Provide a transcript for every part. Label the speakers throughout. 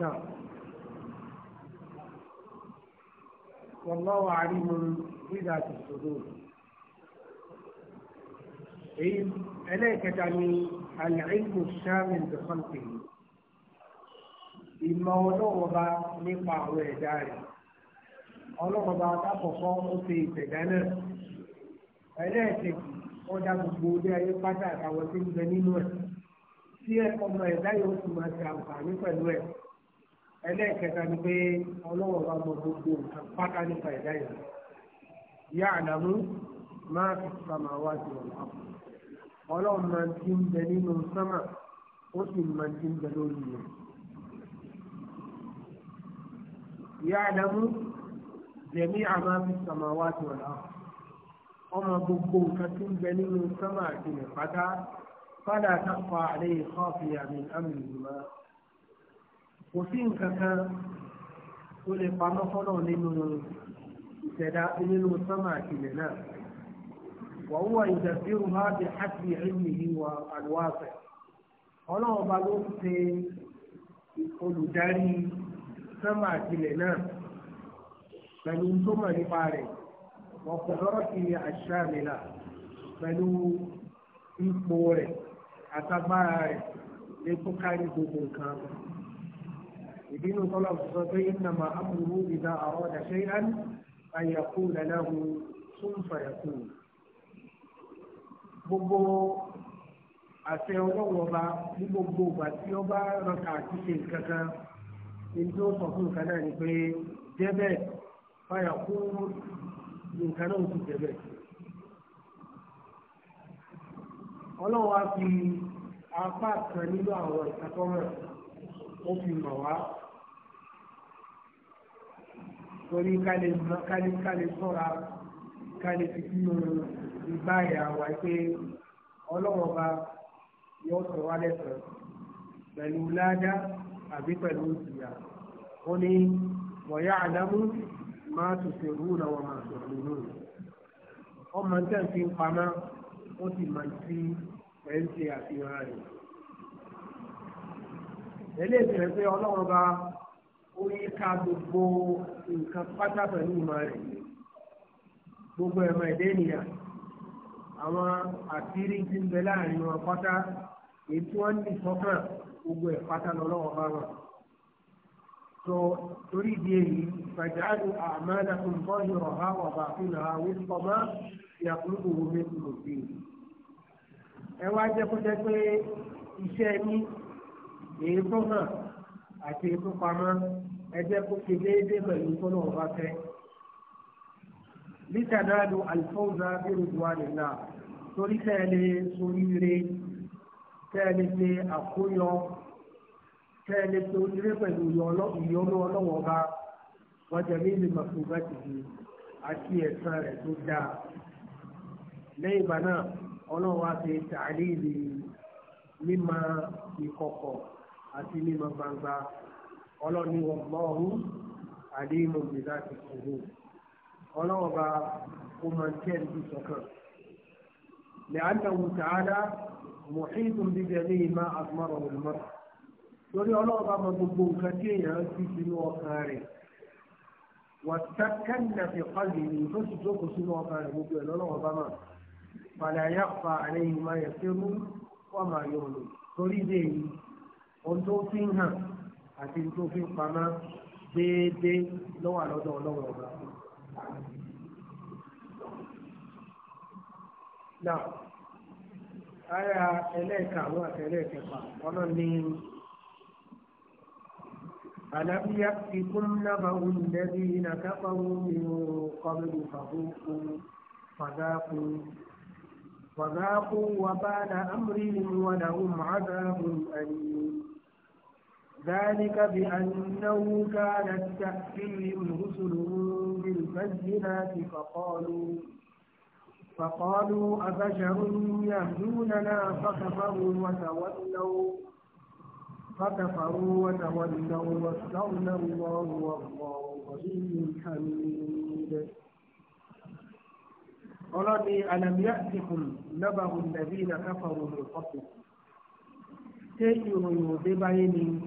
Speaker 1: نعم،
Speaker 2: والله àríwò nígbà tó ṣòro èyí ẹlẹ́ẹ̀kẹta ni àlẹ́ìmù sàmìn dùkọ́ǹtì ìmọ̀ ọlọ́wọ́ba nípa àwọn ẹ̀dá rẹ̀ ọlọ́wọ́ba akákọ̀ọ́kọ́ ó ṣe ìṣẹ̀dá náà ẹlẹ́ẹ̀kejì ọjà gbogbo orí ayé pátá àtàwọn tí ń bẹ nínú ẹ̀ tí ẹ̀kọ́ ọmọ ẹ̀dá yóò sì máa àǹfààní pẹ̀lú ẹ̀ ẹlẹ́ẹ̀kẹta ni pé ọlọ́wọ́ bá mọ gbogbo nǹkan pátá nípa ẹ̀dá yẹn yá àdàmú máa fi sàmà wá sí ọ̀la ọlọ́run máa ti ń bẹ nínú sámà ó sì máa ti ń bẹ lórí rẹ̀ yá àdàmú jẹ̀mí àmà fi sàmà wá sí ọ̀la ọmọ gbogbo nǹkan ti ń bẹ nínú sámà àti ìpátá fádà tá a fa àlẹ́ yìí kọ́ ọ̀fìyà mi àmì ìlú máa kò sí nǹkan kan tó lè pamọ́ fọ́nà nínú ìṣẹ̀dá nínú sánmà àtìlẹ̀ náà wàhùwà ìdàbírù ha bí hàtì ìlú yìí wà àlùwàfẹ́ ọlọ́run ọba ló ń olùdarí sánmà àtìlẹ̀ náà pẹ̀lú tó mọ̀ nípa rẹ̀ wọ́n kò lọ́rọ̀ sí àṣà mi là pẹ̀lú ipò rẹ̀ àtagbára rẹ̀ lè kó kárí gbogbo nǹkan ìbínú tọ́lá sọ pé iná máa amúrú ìdá àwọn ọ̀dà ṣe án àyàkú lẹ́lẹ́hu tún fàyàkú. gbogbo àṣẹ ọlọ́wọ́ ọba ní gbogbo ìgbà tí ọba rọta àti ṣe nǹkan kan ní tó sọ fún nǹkan náà ni pé jẹ́bẹ̀ fàyàkú nǹkan náà ti jẹ́bẹ̀. ọlọ́wọ́ á fi apá kan nínú àwọn ìkàtọ́mọ̀ ó fi mọ̀ wá torí kálí sọ́ra kálí fi sínú ìbáyà wá pé ọlọ́wọ́ bá yóò sọ wá lẹ́sàn pẹ̀lú ládá àbí pẹ̀lú ìyà ó ní wọ̀nyá àdámú máa tùsẹ̀ rú náà wọ́n máa sọ̀rọ̀ nínú rẹ̀ ọmọ tẹ̀ fi ń pamọ́ ó sì máa ti ẹ̀ ń àfihàn rẹ̀ eléyìí rẹ̀ pé ọlọ́wọ́ yi ka gbogbo nka pata pẹ̀lú ìmọ̀ gbogbo ẹ̀mọ̀ ẹ̀dẹ́ ènìyàn àwọn àfírí ti ń bẹ láàrin wọn pátá gbogbo ẹ̀ pátá lọ́wọ́ bá wọn. sọ torí ìdí èyí fàjáàlú àmàlà ń bọ́ yọ̀rọ̀ ha wà bá fún ha wọ́n sọ ẹ wá jẹ́ kó jẹ́ pé àti ìfúnpamọ́ ẹjẹ́ kó ṣe déédéé pẹ̀lú tọ́lọ̀ ọba fẹ́. lítàdáàdù àlùfọ́ọ̀zà bírùdùwà nìlá torí tẹ́lẹ̀ soríire tẹ́lẹ̀ ṣe àkóyọ tẹ́lẹ̀ soríire pẹ̀lú ìyọnú ọlọ́wọ́ ọba wọ́n jẹ́ mílíọ̀nù mọ̀tòbá ti di àti ẹ̀sán rẹ̀ tó dáa. lẹ́yìn ìgbà náà ọlọ́wọ́ á ti tààlì ìlú mímọ ìkọ̀kọ̀ àti mímọ gbangba ọlọ́ni wọn lọ́hùn àdéhùn ìgbésà ti kúrò ọlọ́wọ́ bá ó máa ń tẹ́ ẹ̀dùn sọ́kàn. لأنه تعالى محيط بجميع ما أثمره المرء torí ọlọ́ọ̀bá máa gbogbo nǹkan tí èèyàn ti sínú ọkàn rẹ̀ wàtàkànnà fi kọ́lì ní tó sì jókòó sínú ọkàn rẹ̀ gbogbo ẹ̀ lọ́lọ́ọ̀bá máa padà yá pa àlẹ́ yìí máa yẹ fẹ́rú wà máa yọ̀ lò torí ilé yìí ohun tó fi ń hàn àti ohun tó fi ń pamọ́ déédéé lọ́wọ́ àlọ́dọ̀ ọlọ́run ọba. Now, ara ẹlẹ́ẹ̀ka àwọn àti ẹlẹ́ẹ̀kẹfà ọ̀nà ni àlàbíyá ti kún nábàáwò lẹ́bí iná kápáwò nínú kọ́mílù fàbókù fàdákù fàdákù wàbá na amúrí ni wọn làwọn màá dáhùn ẹni. ذلك بأنه كانت تأتيهم رسلهم بالبينات فقالوا فقالوا أبشر يهدوننا فكفروا وتولوا فكفروا وتولوا واستغنى الله والله غني حميد قالني ألم يأتكم نبأ الذين كفروا من قبل كي يريدوا بيني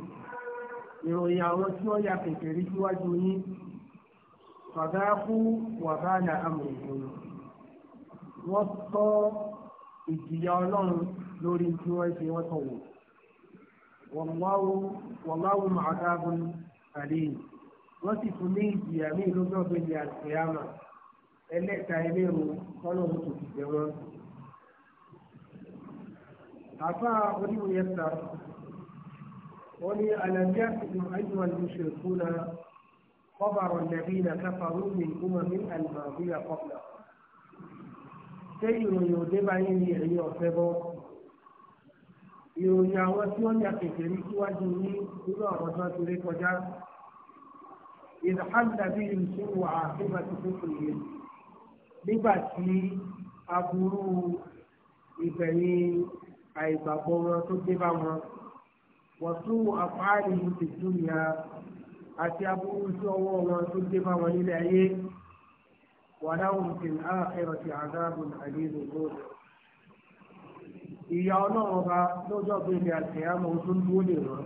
Speaker 2: ìròyìn àwọn tí ya kẹ̀kẹ́ rí síwájú yín fàdákú wàhálà amòòkùn wọ́n tọ́ ìjìyà ọlọ́run lórí tí wọ́n ṣe wọ́n tọ̀wọ̀ wọ̀láwù màdáàbùn àlẹ́yìn wọ́n sì fún ní ìjìyà míì lọ́jọ́ bẹ́ẹ̀ ebe ẹlẹ́ta ẹlẹ́rù kọ́lọ́run tó ti jẹ wọ́n. àfa oníwòye ولي ألم يأتكم أيها المشركون خبر الذين كفروا من أمم الماضية قبلكم sẹ́yìn òde báyìí ní ẹ̀yìn ọ̀fẹ́ bọ́ ìròyìn àwọn tí wọ́n ya kékeré síwájú ní irú àwọn tó ń torí kọjá ìdáhàmdà bí ìṣòro wà nígbà tí kò péye nígbà tí aburú ìbẹ̀yìn àìgbàgbọ́ wọn tó dé bá wọn wọ̀tú àpáàlì ti dúnìá àti aburú sí ọwọ́ wọn tó dé bá wọn nílé ayé wàláhùn fi àkẹrọ ti àdáàbùn àdéhùn lóde. ìyá ọlọ́run ọba lọ́jọ́ pé ní àtẹ̀yàmọ̀ tó ń dúró lè rán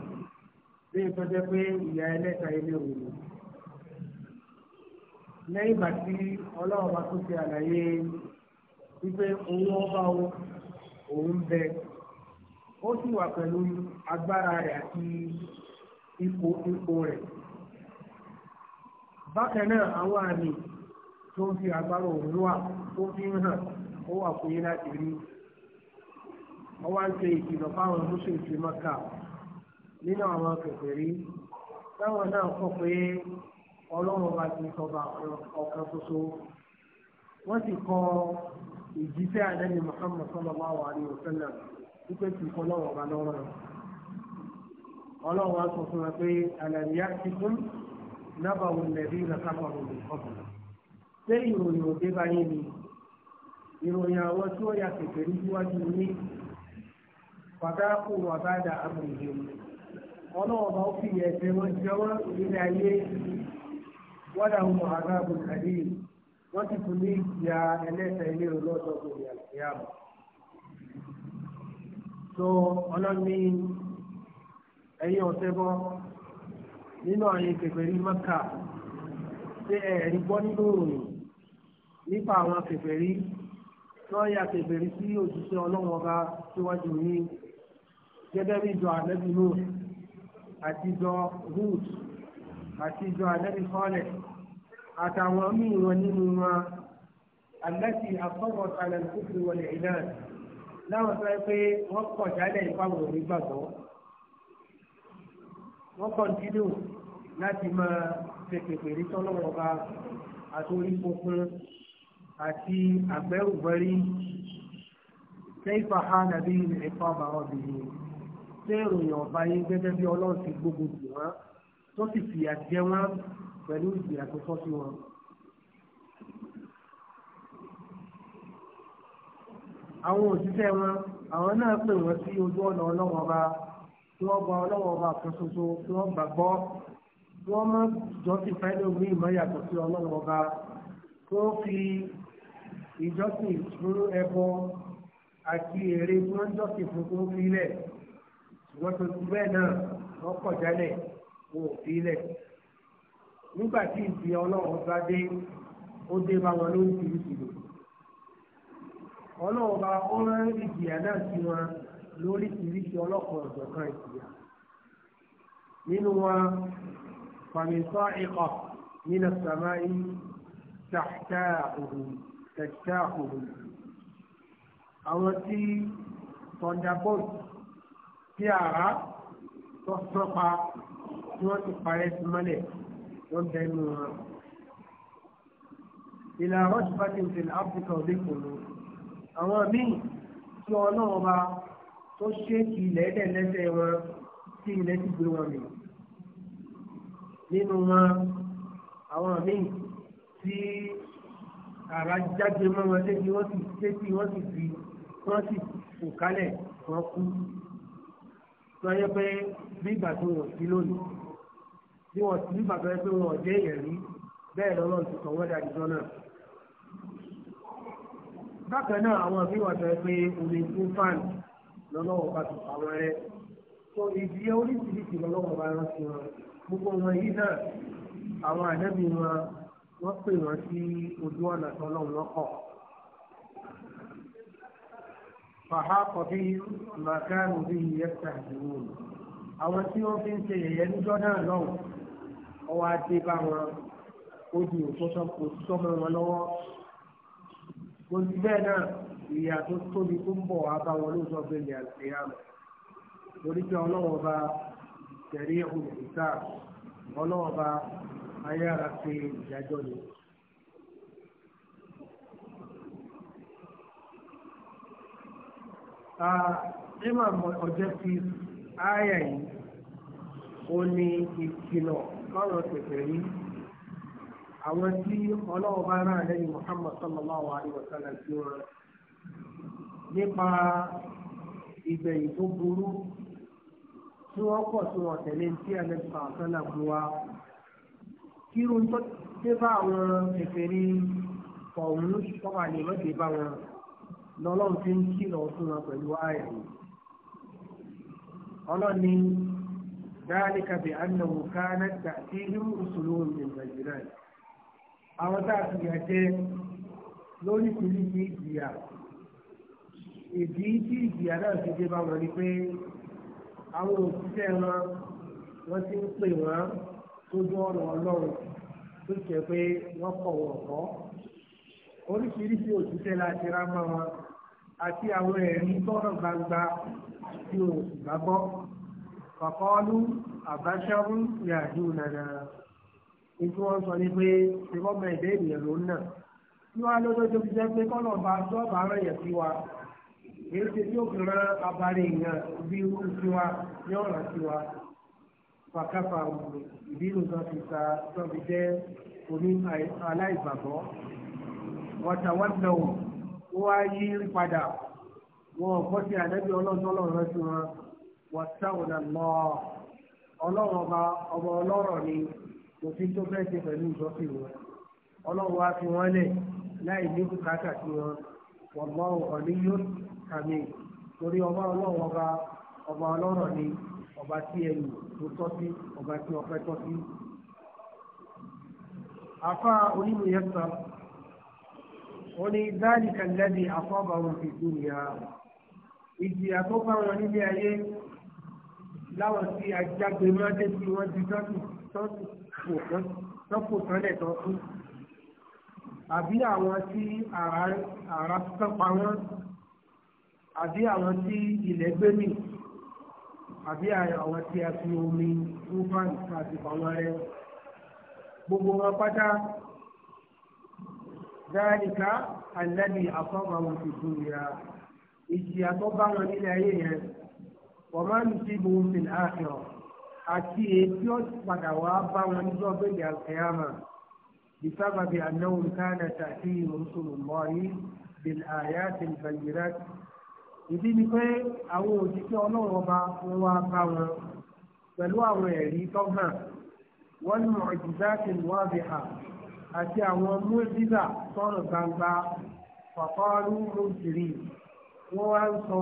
Speaker 2: bí ìtọ́jẹ́ pé ìyá ẹlẹ́ta ilé òwò lẹ́yìn ìgbà tí ọlọ́run tó ṣe àlàyé wípé owó ọba òun bẹ ó sì wà pẹ̀lú agbára rẹ̀ àti ipò ipò rẹ̀. bákan náà àwọn àmì tó ń fi agbára òun wà tó fi ń hàn ó wà fún yín láti rí. wọ́n wá ń ṣe ìkìlọ̀ fáwọn mùsùlùmí mọ́kà nínú àwọn kẹfẹ́rí táwọn náà kọ́ pé ọlọ́run bá ti sọba ọ̀kan ṣoṣo wọ́n sì kọ ìjíṣẹ́ àdẹ́ni muhammed sallallahu alayhi wa sallam wípé kì í kọ́ lọ́wọ́ ọba lọ́rọ̀ rẹ̀ ọlọ́run á sọ fún wa pé àlàyé ti fún nábàáwò lẹ́bí ìrẹ̀kápọ̀ òde ọ̀gbìn ṣé ìròyìn òde báyìí ni ìròyìn àwọn tí wọ́n ya kẹ̀kẹ́ níwájú ní pàtàkù wàbádà àbùrùjẹ ọlọ́wọ́ bá fi ẹ̀fẹ́ wọn jẹ́wọ́ nílé ayé wọ́n dàrú àgbà àbùrùjẹ wọ́n ti fún ní ìyá ẹlẹ́sẹ̀ ilé olóòtọ́ gbòòrò àlàyé so ọlọ́ni ẹ̀yin ọ̀sẹ̀ nínú àyè kẹfẹ́rí maka ṣé ẹ̀rí gbọ́ nínú nípa àwọn kẹfẹ́rí tí wọ́n ya kẹfẹ́rí sí òṣìṣẹ́ ọlọ́wọ́n ọba síwájú ní gẹ́gẹ́ bí ìjọ àlẹ́bí àti ìjọ hood àti ìjọ àlẹ́bí àtàwọn nínú wọn alẹ́ láwọn tó yẹ pé wọ́n kọ̀ jálẹ̀ ìpamọ́ nígbàgbọ́ wọ́n kọ́ntínú láti máa pèpèpèrè tọ́lọ́wọ́ ọba àtòrí funfun àti àgbẹ̀rùgbẹ́rí lẹ́yìnfà ha nàbí ẹ̀fọ́ àbáwọn obìnrin tẹ́ ìròyìn ọba yín gẹ́gẹ́ bí ọlọ́run ti gbógun jù wọ́n tó sì fìyà jẹ wọ́n pẹ̀lú ìgbìyànjú tó sí wọn. àwọn òṣìṣẹ́ wọn àwọn náà pè wọ́n sí ojú ọ̀nà ọlọ́wọ́n ọba tí wọ́n gba ọlọ́wọ́n ọba kan ṣoṣo tí wọ́n gbàgbọ́ tí wọ́n má jọ́sìn fẹ́lẹ́ omi ìmọ̀ yàtọ̀ sí ọlọ́wọ́n ọba tó fi ìjọ́sìn fún ẹbọ àti èrè tí wọ́n jọ́sìn fún tó fi lẹ̀ ṣùgbọ́n tó ti bẹ́ẹ̀ náà wọ́n kọ̀ jálẹ̀ wọn ò fi lẹ̀ nígbà tí ìdí ọlọ́wọ́n ọlọ́run bá ó rán ìjìyà náà sí wọn lórí ìrísí ọlọ́kan ọ̀jọ̀kan ìjìyà nínú wọn fàmìsọ́ ikọ̀ nínú sàmáì tàkítà òhùn tàkítà òhùn àwọn tí thunderbolt tí àrá tó sọ́pa tí wọ́n ti parẹ́ sí mọ́lẹ̀ ló ń bẹnu wọn. ìlà rọ́ṣùpá ti ń fi áfíríkà òde kò lóko àwọn míì tí ọlọ́run bá tó ṣe kí ilẹ̀ ẹ̀dẹ̀ lẹ́sẹ̀ wọn tí ilẹ̀ ti gbé wọn mì nínú wọn àwọn míì tí ara jáde mọ́ wọn lébi wọ́n sì tẹ́tí wọ́n sì fi wọ́n sì fò kálẹ̀ wọ́n kú
Speaker 1: lọ́yẹ́ pé bí
Speaker 2: ìgbà tó wọ̀ sí lónìí bí wọ́n bí ìgbà tó yẹ pé wọ́n jẹ́ èèyàn bẹ́ẹ̀ lọ́lọ́run ti sọ wọ́n dàdí náà bákan náà àwọn àbí wà sọ pé omi tún fan lọ́lọ́wọ́ bá ti pa wọn rẹ tó ìdí oríṣiríṣi lọ́lọ́wọ́ bá rán sí wọn gbogbo wọn yìí náà àwọn àdẹ́bí wọn wọ́n pè wọ́n sí ojú ọ̀nà tọ́lọ́run lọ́kọ̀. فحاق بهم ما كانوا به يستهزئون àwọn tí wọ́n fi ń ṣe yẹ̀yẹ́ níjọ́ náà lọ́wọ́ ọwọ́ adé bá wọn ó di òkú sọ́mọ wọn lọ́wọ́ tó ti bẹ́ẹ̀ náà ìyá tó tóbi tó ń bọ̀ wá bá wọn lóòótọ́ bẹ́ẹ̀ ní àlùfẹ́yàmù torí pé ọlọ́wọ́ bá tẹ̀lé olùkíta ọlọ́wọ́ bá ayára ṣe ìdájọ́ ni. ìmọ̀ ọjọ́ ti ááyà yìí ó ní ìkìlọ̀ lọ́rọ̀ pẹ̀pẹ̀ yìí àwọn tí ọlọ́wọ́ bá rán àlẹ́yìn muhammad sallallahu alayhi wa sallam sí wọn nípa ìgbẹ̀yìn tó burú tí wọ́n pọ̀ sí wọn tẹ̀lé tí àlẹ́yìn sàlá bu wa kírun tó dé bá àwọn ẹ̀fẹ̀rí fọ̀ọ̀mù tọ́ka lè má bá wọn lọ́lọ́run fi ń kìlọ̀ fún wọn pẹ̀lú ààyè ọlọ́ni ذلك بأنه كانت تأتيهم رسلهم من الجنان àwọn tá a fìyà jẹ lórí ìpínlẹ̀ ní ìjìyà ìdí tí ìjìyà náà ti dé bá wọn ni pé àwọn òṣìṣẹ́ wọn wọ́n ti ń pè wọ́n sójú ọ̀rọ̀ ọlọ́run tó jẹ́ pé wọ́n kọ̀ wọ̀ kọ́ oríṣiríṣi òṣìṣẹ́ la ti rá mọ́ wọn àti àwọn ẹ̀rí tọ́rọ̀ gbangba tí o sì kọ̀kọ́ ọdún àbáṣọ́rún ìyàdú ìtú wọn sọ ni pé ìfọ́mọ ẹ̀dá ènìyàn ló ń nà tí wọ́n á lọ́jọ́ tó fi jẹ́ pé kọ́nà ọba tó ọba rẹ̀ yẹ̀ sí wa èyí ṣe tí ó fi rán abalẹ̀ èèyàn bí irú sí wa ní ọ̀ràn sí wa pàkàfà ìbínú tó fi ta tó fi jẹ́ oní aláìgbàgbọ́ wọ́tàwọ́tàwọ̀ ó wá yí padà wọn kọ́ sí ànábì ọlọ́dọ́lọ́run rẹ̀ sí wọn wọ́tàwọ̀ nà lọ́ọ́ ọlọ́run ọba ọba ọlọ́rọ̀ ni kò sí tó fẹ́ ṣe pẹ̀lú ìjọsìn wọn ọlọ́run wá fi wọ́n lẹ̀ láì ní bùkátà sí wọn wọ́n mọ ọ̀rọ̀ ní yóò kàmí torí ọba ọlọ́run ọba ọba ọlọ́rọ̀ ni ọba tí ẹnu tó tọ́ sí ọba tí ọpẹ́ tọ́ sí. afa onímọ̀ yẹn sọ wọn ni dáàlì kàlẹ́bí afọ́bà wọn dùn yà ìjìyà tó wọn nílé ayé láwọn tí ajágbe máa dé sí wọn ti fò sánlẹ̀ tán fún àbí àwọn tí àrà sápa wọn àbí àwọn tí ilẹ̀ gbé mì àbí àwọn tí a fi omi rúfàn àti pàwọn rẹ gbogbo wọn pátá dáríkà alẹ́bí afọ́gbà wọn ti dùn ìyá ìjìyà tó bá wọn nílẹ̀ ayé yẹn wọ́n máa ń ti bu òfin àfihàn àti èyí ó padà wá bá wọn níjọ́ bẹ́ẹ̀ àkẹ́yàmà bisababi anáwó kánà tàbí rúṣùlù mọ́rí bil àyà ti bàyìrá. ìdí ni pé àwọn òṣìṣẹ́ ọlọ́run ọba wọn wá bá wọn pẹ̀lú àwọn ẹ̀rí tọ́gbà wọ́n ní mọ̀jìdá ti wá bí ha àti àwọn múlíbà sọ̀rọ̀ gbangba fọ̀kọ́rú mùsùlùmí wọ́n wá ń sọ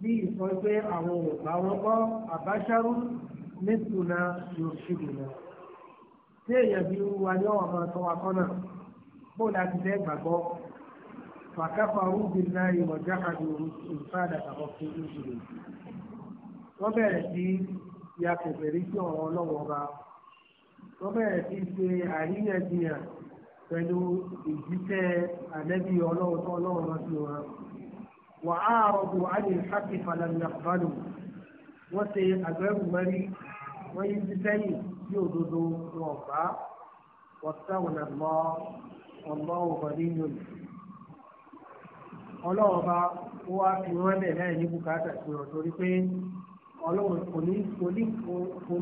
Speaker 2: bí ìsọ pé àwọn òbá wọn gbọ́ àbáṣárú mẹ́tùnà yóò ṣègùnà tí èèyàn bí wa ní ọ̀rọ̀ máa tọ́ wa kọ́nà bó láti fẹ́ gbàgbọ́ fàkàfà rúbi náà ìwọ̀ jákàdé ìfàdà àkọ́kọ́ fún ìṣòro wọ́n bẹ̀rẹ̀ sí ya kẹfẹ́rí sí ọ̀rọ̀ ọlọ́wọ́ ba wọ́n bẹ̀rẹ̀ sí ṣe àríyànjiyàn pẹ̀lú ìjíṣẹ́ àlẹ́bí ọlọ́wọ́ tó ọlọ́wọ́ lọ sí wọn wà á rọ̀bù àdìrí wọ́n ṣe àgbẹ̀rù mẹ́rí wọ́n yí sí sẹ́yìn sí òdodo wọn bá wọ́sẹ̀wọ̀n lọ ọ̀lọ́ òkàdé yòl. ọlọ́wọ́n bá ó wá fi wọ́n lẹ̀ láì ní bùkátà sí wọn torí pé ọlọ́run kò ní kò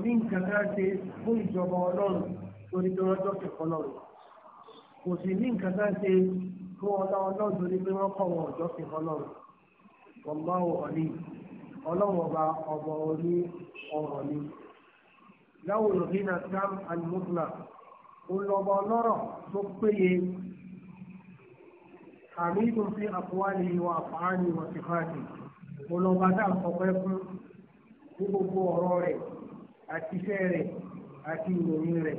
Speaker 2: ní nǹkan kan ṣe fún ìjọba ọlọ́run torí pé wọ́n dọ́kẹ̀ kọlọ́run kò sì ní nǹkan kan ṣe fún ọlọ́run torí pé wọ́n kọ̀ wọn ọ̀dọ́kẹ̀ kọlọ́run wọ́n bá wọ̀ ọ́ níyì ọlọ́run ọba ọba orí ọ̀rọ̀ ni láwọn olùdíná sam and musla olùlọ́ba ọlọ́rọ̀ tó péye àmìdùn sí àfọwálì wa àfààní wa sífàtì olùlọ́ba dá ọpẹ́ fún gbogbo ọ̀rọ̀ rẹ̀ àti iṣẹ́ rẹ̀ àti ìròyìn rẹ̀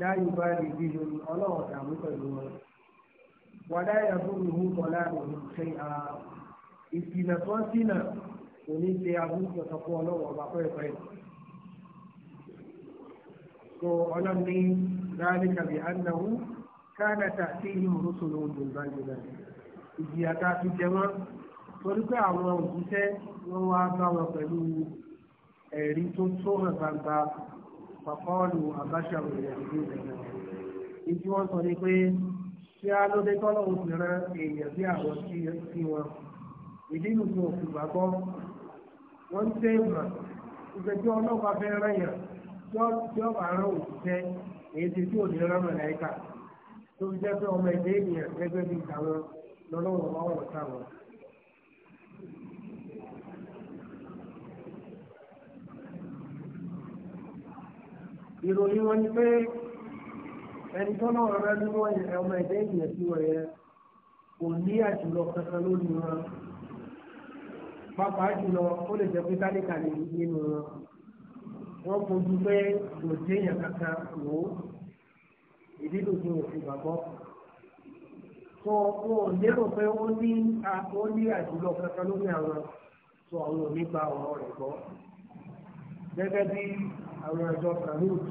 Speaker 2: láyé bá lè bí lórí ọlọ́run dààmú pẹ̀lú wọn. wàdá yàtọ̀ ìhùn bọ̀lá ìhùn ṣe ìsìnà tó ń sínà kò ní ṣe aburú kankan fún ọlọ́wọ́ ọba pẹ́ẹ́pẹ́ẹ́. so ọlọ́run ní ذلك بأنه كان تأتيهم رسلهم بالبينات ìjìyà tá a fi jẹ wọn torí pé àwọn òjíṣẹ́ wọn wá bá wọn pẹ̀lú ẹ̀rí tó tó hàn gbangba pàpọ́ọ̀lù àbáṣàrò ìyàwó ìrìnà ìjì wọn sọ ni pé ṣé a tọ́lọ́ òsì èèyàn bí àwọn sí wọn ìdí nìkan òfin gbàgbọ́ wọ́n ń tẹ́ ìmọ̀ ìgbẹ́jọ́ ọlọ́pàá fẹ́ rẹ̀yàn tí ọba rán òṣìṣẹ́ èyí ti tí òní rán mọ̀láìkà tó fi jẹ́ pé ọmọ ẹ̀dẹ́ ènìyàn gẹ́gẹ́ bí ìtàwọn lọ́lọ́wọ́ bá wọ̀ sáwọn. ìròyìn wọn ni pé ẹni tó náà rán nínú ọmọ ẹ̀dẹ́ ènìyàn sí wọ̀nyẹn kò ní àjùlọ kankan lórí wọn pápá jùlọ ó lè jẹ́ pé tálíkà lè rí nínú wọn wọ́n fojú pé kò déèyàn kankan wò ó ìdílù tí wọ́n fi gbàgbọ́ tó wọn ò lérò pé ó ní ó ní àjùlọ kankan lórí àwọn tó àwọn òní gba ọ̀rọ̀ rẹ̀ gbọ́ gẹ́gẹ́ bí àwọn ẹ̀jọ́ kanut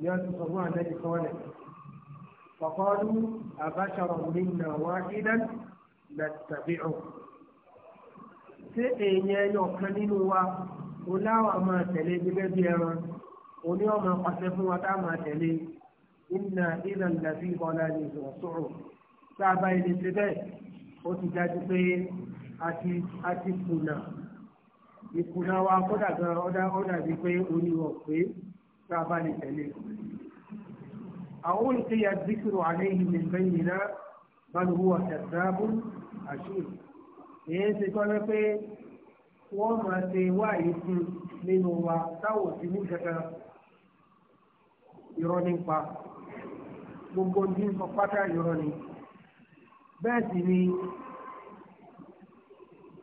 Speaker 2: ni wọ́n ti sọ fún àlẹ́jì sọ́ọ̀lẹ̀ kọ̀kọ́ ní àbáṣọ̀rọ̀ mi nà wá dídán lẹ́tàbí ọ̀ tí èèyàn ẹyọ kan nínú wa ó láwà máa tẹ̀lé gẹ́gẹ́ bí ẹran òní ọmọ pàṣẹ fún wa tá a máa tẹ̀lé ìnà ìlànà ìlàbí ìbọnà ní ìsọ̀rọ̀sọ̀rọ̀ tá a bá ilé ṣe bẹ́ẹ̀ ó ti dájú pé a ti kùnà ìkùnà wa kódà gan ọ̀dà ọ̀dà bíi pé oníwọ̀ pé tá a bá lè tẹ̀lé. àwọn olùkẹ́yà díkìrò àléhìn nìgbẹ́yìn náà bá lówó ọ̀sẹ̀ dáàbò àṣírí èyí ṣe tọ́lẹ́ pé wọ́n máa ṣe wáyé fún nínú wa táwọn òsì ní kankan irọ́ nípa gbogbo ní sọ pátá irọ́ ni bẹ́ẹ̀ sì ni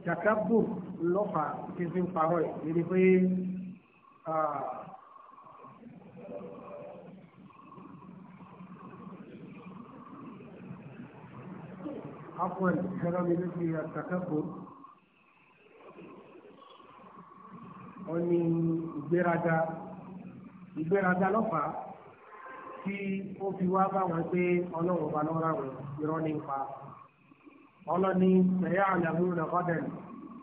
Speaker 2: jakabu lọ́fà ti fi ń parọ́ ẹ̀ lórí pé. Ah, عفوا كلامي مثل التكبر ó ní ìgbéraga ìgbéraga lọ́fàá tí ó fi wá bá wọn pé ọlọ́run ọba lọ́ra wọn irọ́ nípa ọlọ́ni ẹ̀yà àlàmúnà ọ̀dẹ̀n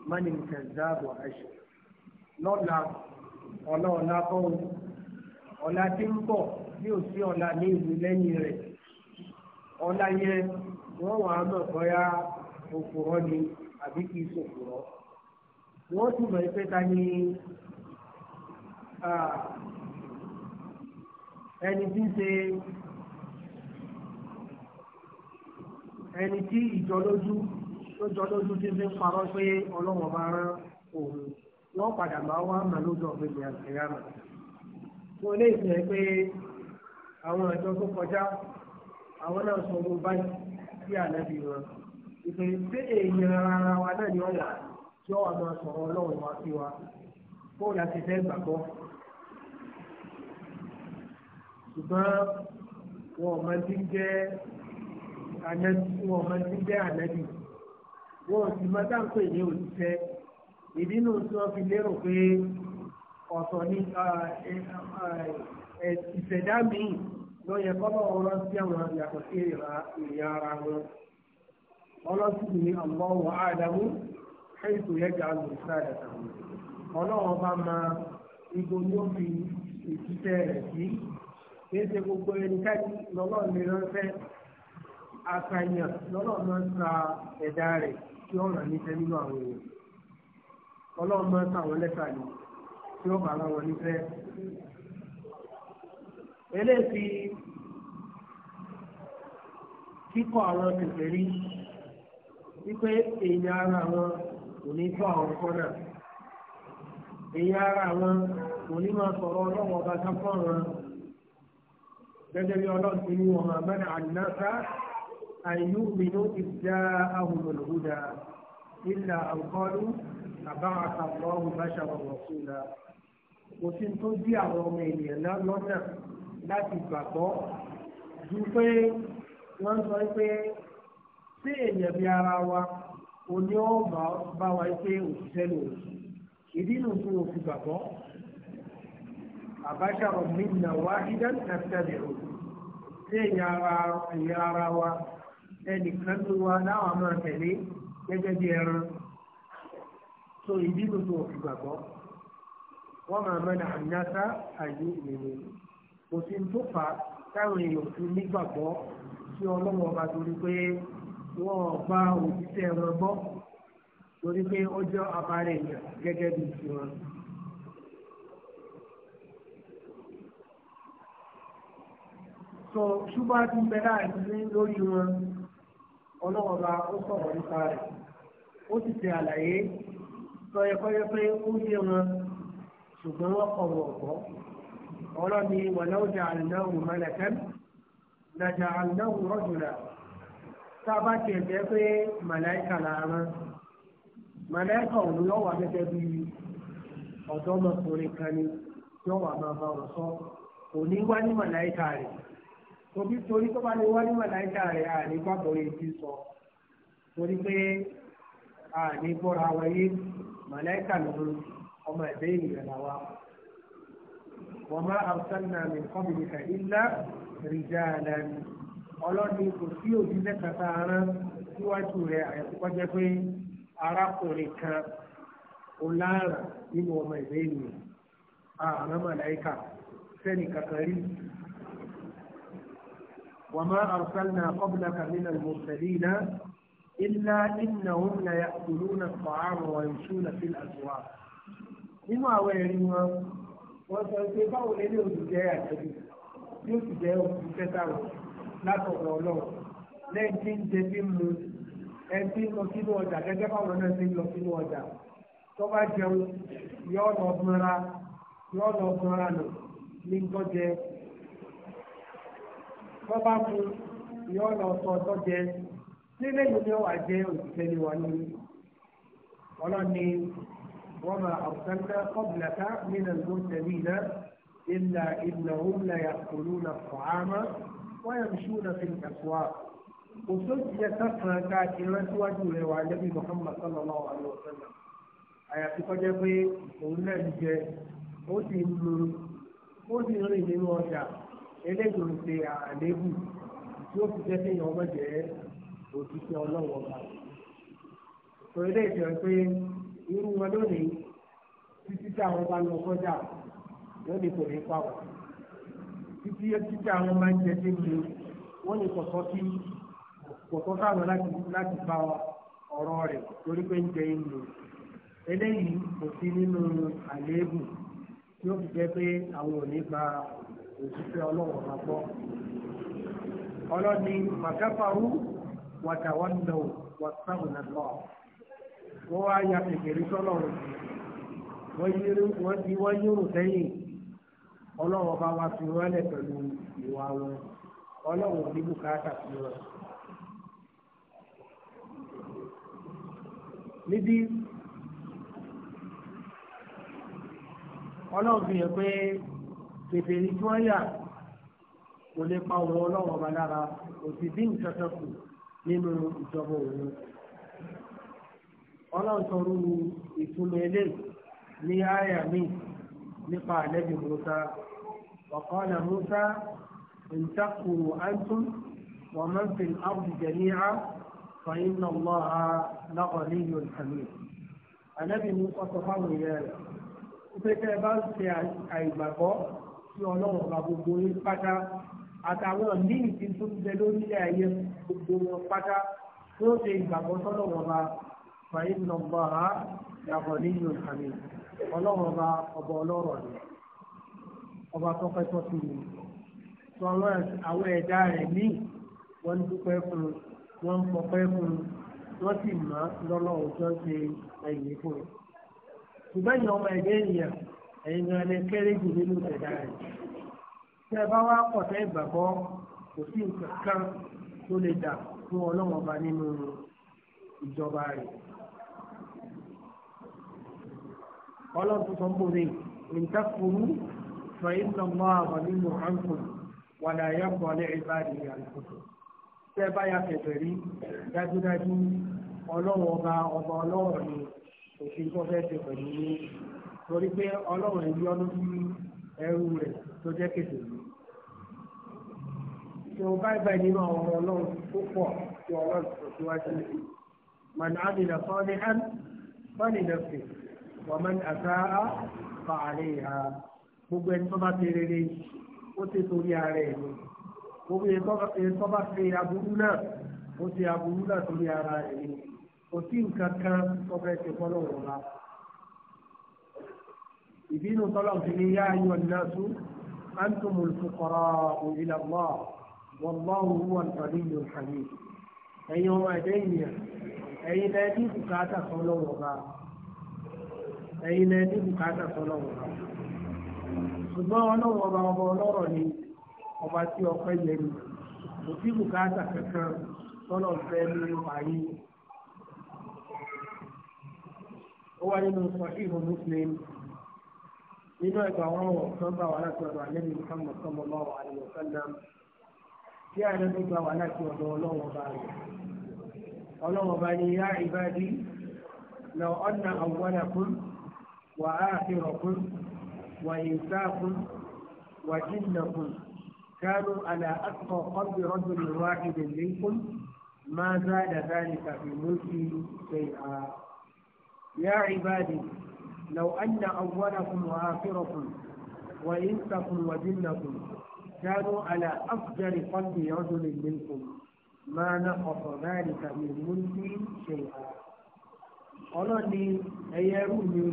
Speaker 2: mọ́ni kẹ̀záàbọ̀ ẹ̀ṣẹ̀ lọ́la ọ̀la ọ̀la kọ́hún ọ̀la tí ń bọ̀ bí ò sí ọ̀la ní ìlú lẹ́yìn rẹ̀ ọ̀la yẹn wọ́n wà á mọ̀ bọ́yá òpùrọ́ ni àbí kì í sòpùrọ́. wọ́n sì mọ̀ pé ta ni ah, ẹni tí ń ṣe ẹni tí ìjọlójú tó jọlójú ti fi parọ́ pé ọlọ́wọ́n bá rán òun wọ́n padà máa wá mà lójú ọ̀gbìn ní àgbéyàmà. wọ́n lè sọ pé àwọn ìjọ tó kọjá àwọn náà sọ ọdún báyìí sí ànábì wọn ìpèsè èèyàn ara wa náà ni wọ́n wà tí wọ́n wà máa sọ̀rọ̀ ọlọ́run wá sí wa fóònù àti fẹ́ gbàgbọ́ ṣùgbọ́n wọn ò máa ti jẹ́ ànábì wọn ò máa ti jẹ́ ànábì wọn ò sì máa dáńpé ní òṣìṣẹ́ ìdínú tí wọ́n fi lérò pé ọ̀sán ní ìṣẹ̀dá míì. ló yẹ kọ́lọ́ ọlọ́sí àwọn yàtọ̀ sí ìyá ara wọn ọlọ́sí ni àlọ́wọ̀ àdàmú ṣètò yẹjà lùsà ẹ̀sà ọlọ́wọ́ ọba máa ibo ni ó fi rẹ̀ sí kí ṣe gbogbo ẹnikẹ́ni lọ́lọ́ lè ránṣẹ́ àṣàyàn lọ́lọ́ máa ń sa ẹ̀dá rẹ̀ níṣẹ́ nínú àwọn èèyàn máa ń sa àwọn ni níṣẹ́. Elee kíkọ́ àwọn kẹfẹ́rí wípé èèyàn ara wọn kò ní bá àwọn kọ́ èèyàn ara wọn kò ní máa sọ̀rọ̀ ọlọ́wọ́ bá wọn gẹ́gẹ́ bí ọlọ́run ti ní wọn máa ọrụ àdínáta àìyú mìíràn ilà bá kò sí tó láti gbàgbọ́ ju pé wọ́n sọ pé sí èèyàn bí ara wa òní ó bá wa pé òṣìṣẹ́ lò ìdí nù fún òfin gbàgbọ́ àbáṣà ọ̀gbìn nà wá ìdá nàìjíríà sí èèyàn ara wa ẹnìkan ló wa láwọn máa tẹ̀lé gẹ́gẹ́ bí ẹran so ìdí nù fún òfin gbàgbọ́ wọ́n máa mẹ́ta àmì náà sá àyè ìlú kò sí tó fà á táwọn èèyàn fi nígbàgbọ́ sí ọlọ́wọ́ ọba torí pé wọ́n gba òṣìṣẹ́ wọn gbọ́ torí pé ọjọ́ abalẹ̀ èèyàn gẹ́gẹ́ bí tiwọn. sọ ṣùgbọ́n a ti bẹ lórí wọn ọlọ́wọ́ ọba ó sọ̀rọ̀ nípa rẹ̀ ó sì ṣe àlàyé sọ ẹ̀kọ́ yẹ pé ó yé wọn ṣùgbọ́n wọ́n kọ̀ wọ̀ ọ̀gbọ́n ọlọ́ni wọ̀lọ́dà àlùnáwò mọ́lẹ̀kẹ́m lọ́dà àlùnáwò rọ́jùlá tá a bá tiẹ̀ jẹ́ pé màláìkà làárọ̀ màláìkà òun yóò wà gẹ́gẹ́ bí ọ̀dọ́mọkùnrin kan ni yóò wà máa bá wọn sọ òní wá ní màláìkà rẹ̀ tobi torí tó bá lè wá ní màláìkà rẹ̀ àní gbàgbọ́ yẹn ti sọ torí pé àní gbọ́ra wáyé màláìkà lòun ọmọ ẹ̀dẹ́ ènìyàn làwa. وما أرسلنا من قبلك إلا رجالا ọlọ́ni kò sí òjíṣẹ́ kankan rán síwájú rẹ̀ àyàfikọ́jẹ́ pé arákùnrin kan ọ̀làrà nínú ọmọ ìwé ènìyàn àrùn màláìka sẹ́ni kankan rí وما أرسلنا قبلك من المرسلين إلا إنهم ليأكلون الطعام ويمشون في الأسواق. nínú àwọn ẹ̀rí wọn wọ́n sọ pé báwo lè ní olùjẹ́ àjẹbí yóò sì jẹ́ òṣìṣẹ́ táwọn látọ̀dọ̀ ọlọ́run lẹ́yìn tí ń jẹ bí mu ẹni tí ń lọ sínú ọjà gẹ́gẹ́ báwọn náà ti ń lọ sínú ọjà tó bá jẹun yóò lọ gbọ́nra yóò lọ gbọ́nra nù ní gbọ́jẹ tó bá mu yóò lọ sọ tọ́jẹ nílé yìí ni ó wà jẹ́ òṣìṣẹ́ ni wọ́n ní ọlọ́ni. وما أرسلنا قبلك من المرسلين إلا إنهم ليأكلون الطعام ويمشون في الأسواق وسجل كفر كاتل وجوه والنبي محمد صلى الله عليه وسلم àyàfi kọjá pé òun náà ń jẹ ó sì ń lu ó sì ń rìn nínú ọjà eléyìí ń ṣe àlébù tí ó fi irú wọn lónìí títí tí àwọn bá lọ sọ́jà wọ́n ní kò ní pa wọ́n títí títí àwọn máa ń jẹ sí mi wọ́n ní kọ̀tọ́ kí kọ̀tọ́ káwọn láti láti bá ọ̀rọ̀ rẹ̀ torí pé ń jẹ ìlú eléyìí kò sí nínú àléébù tí ó fi jẹ́ pé àwọn ò ní gba òṣìṣẹ́ ọlọ́wọ́ máa gbọ́ ọlọ́ni màgáfàrú wàtàwọ́nà wàtàwọ́nà lọ́wọ́ wọ́n wá ya kékeré sọ́lọ́run wọ́n ti wọ́n yóò sẹ́yìn ọlọ́run bá wá fi wọ́n lẹ̀ pẹ̀lú ìwà wọn ọlọ́run ò ní sí wọn. níbi ọlọ́run fi hàn pé kékeré tí wọ́n yà kò lè pa òun ọlọ́run ọba lára kò sì bí nǹkan kan kù nínú ìjọba òun ọlọ́ntọ́rú ìtumọ̀ ilé ní àyà mi nípa àlẹ́bí musa ọ̀kọ́nà musa ìtakùrù antum wọ́n fi àwùjọ jẹ̀míà fàyín lọ́wọ́ ha lọ́kọ̀ọ́lì yóò kàmí. àlẹ́bí musa sọ fáwọn ìyá rẹ̀ wípé tẹ́ ẹ bá ń ṣe àìgbàgbọ́ sí ọlọ́run ọba gbogbo yín pátá àtàwọn míì ti tún bẹ lórílẹ̀ ayé gbogbo wọn pátá tó ṣe ìgbàgbọ́ sọ́dọ̀ wọn bá. فإن الله لغني حميد ọlọ́run ọba ọba ọlọ́rọ̀ ni ọba tọpẹ́ tọ́ sí mi sọ àwọn ẹ̀dá rẹ̀ ní wọ́n ń dúpẹ́ fún un wọ́n ń pọpẹ́ fún un wọ́n sì mọ́ lọ́lọ́run tó ń ṣe ẹ̀yìn fún un. ṣùgbọ́n ìyẹn ọmọ ẹ̀dá ènìyàn ẹ̀yìn gan ni kéré jù nínú ẹ̀dá rẹ̀. tẹ́ ẹ bá wá pọ̀tẹ́ ìgbàgbọ́ kò sí nǹkan kan tó lè dà fún ọlọ́run ọba nínú ìjọba rẹ̀. ọlọ́run tó ń bòde ìtàkùrú fẹ̀yìntà mọ́ àwọn nínú àǹkùn wàlà ayọ́kọ̀ ní ìbáàdì àǹkùn. tẹ́ bá ya fẹ̀fẹ̀ rí dájúdájú ọlọ́run ọba ọba ọlọ́run ni òfin tó fẹ́ ṣe pẹ̀lú ní torí pé ọlọ́run ẹ̀yí ọdún sí ẹrú rẹ̀ tó jẹ́ kéde yìí. tí o bá ìbá ìnira ọ̀rọ̀ ọlọ́run tó pọ̀ tí ọlọ́run tó síwájú من عمل صالحا فلنفسه ومن أساء فعليها gbogbo ẹni tó bá ti rere ó ti torí ara ẹ ni gbogbo ẹni tó bá ti aburú náà ó ti aburú náà torí ara ẹ ni kò sí nǹkan kan tó fẹ́ fọ́lọ́ wọn la. ìbínú tọ́lọ̀ fi ní yá ayọ̀ náà tú antumul òyìnbó wọ́n lọ́wọ́ wọn tọ́lú yóò hàn ẹ̀yin ọmọ ẹ̀dẹ́ ènìyàn ẹ̀yin lẹ ní bùkátà sọlọ́wọ́ bá ẹ̀yin lẹ ní bùkátà sọlọ́wọ́ bá ṣùgbọ́n ọlọ́wọ́ ọba ọba ọlọ́rọ̀ ni ọba tí ọpẹ́ yẹ ni kò sí bùkátà kankan sọlọ́ fẹ́ nínú ayé ó wá nínú sọ́kìrì muslim nínú ẹgbàá wọn wọ̀ sọ́gbà wà láti ọ̀dọ̀ àlẹ́ mi kọ́mọ̀kọ́mọ́ lọ́wọ́ àdìyẹ tí a lọ́dún gba wà láti ọ̀dọ̀ ọlọ́wọ́n bá rẹ̀. ọlọ́wọ́n bá ní yá ìbádí lọ ọ̀nà àwọ̀dàkùn wà áàfihàn wà ìsáàkùn wà jìnnàkùn kánú àlà àkọ́ ọ̀bì rọ́dùn ìwà ìdèlékùn máa záàdà ذلك في ملكي شيئا يا عبادي لو أن أولكم وآخركم وإنسكم وجنكم كانوا على أفجر قلب رجل منكم ما نقص ذلك من ملكي شيئا ọlọ́ni ẹ̀yẹ rú mi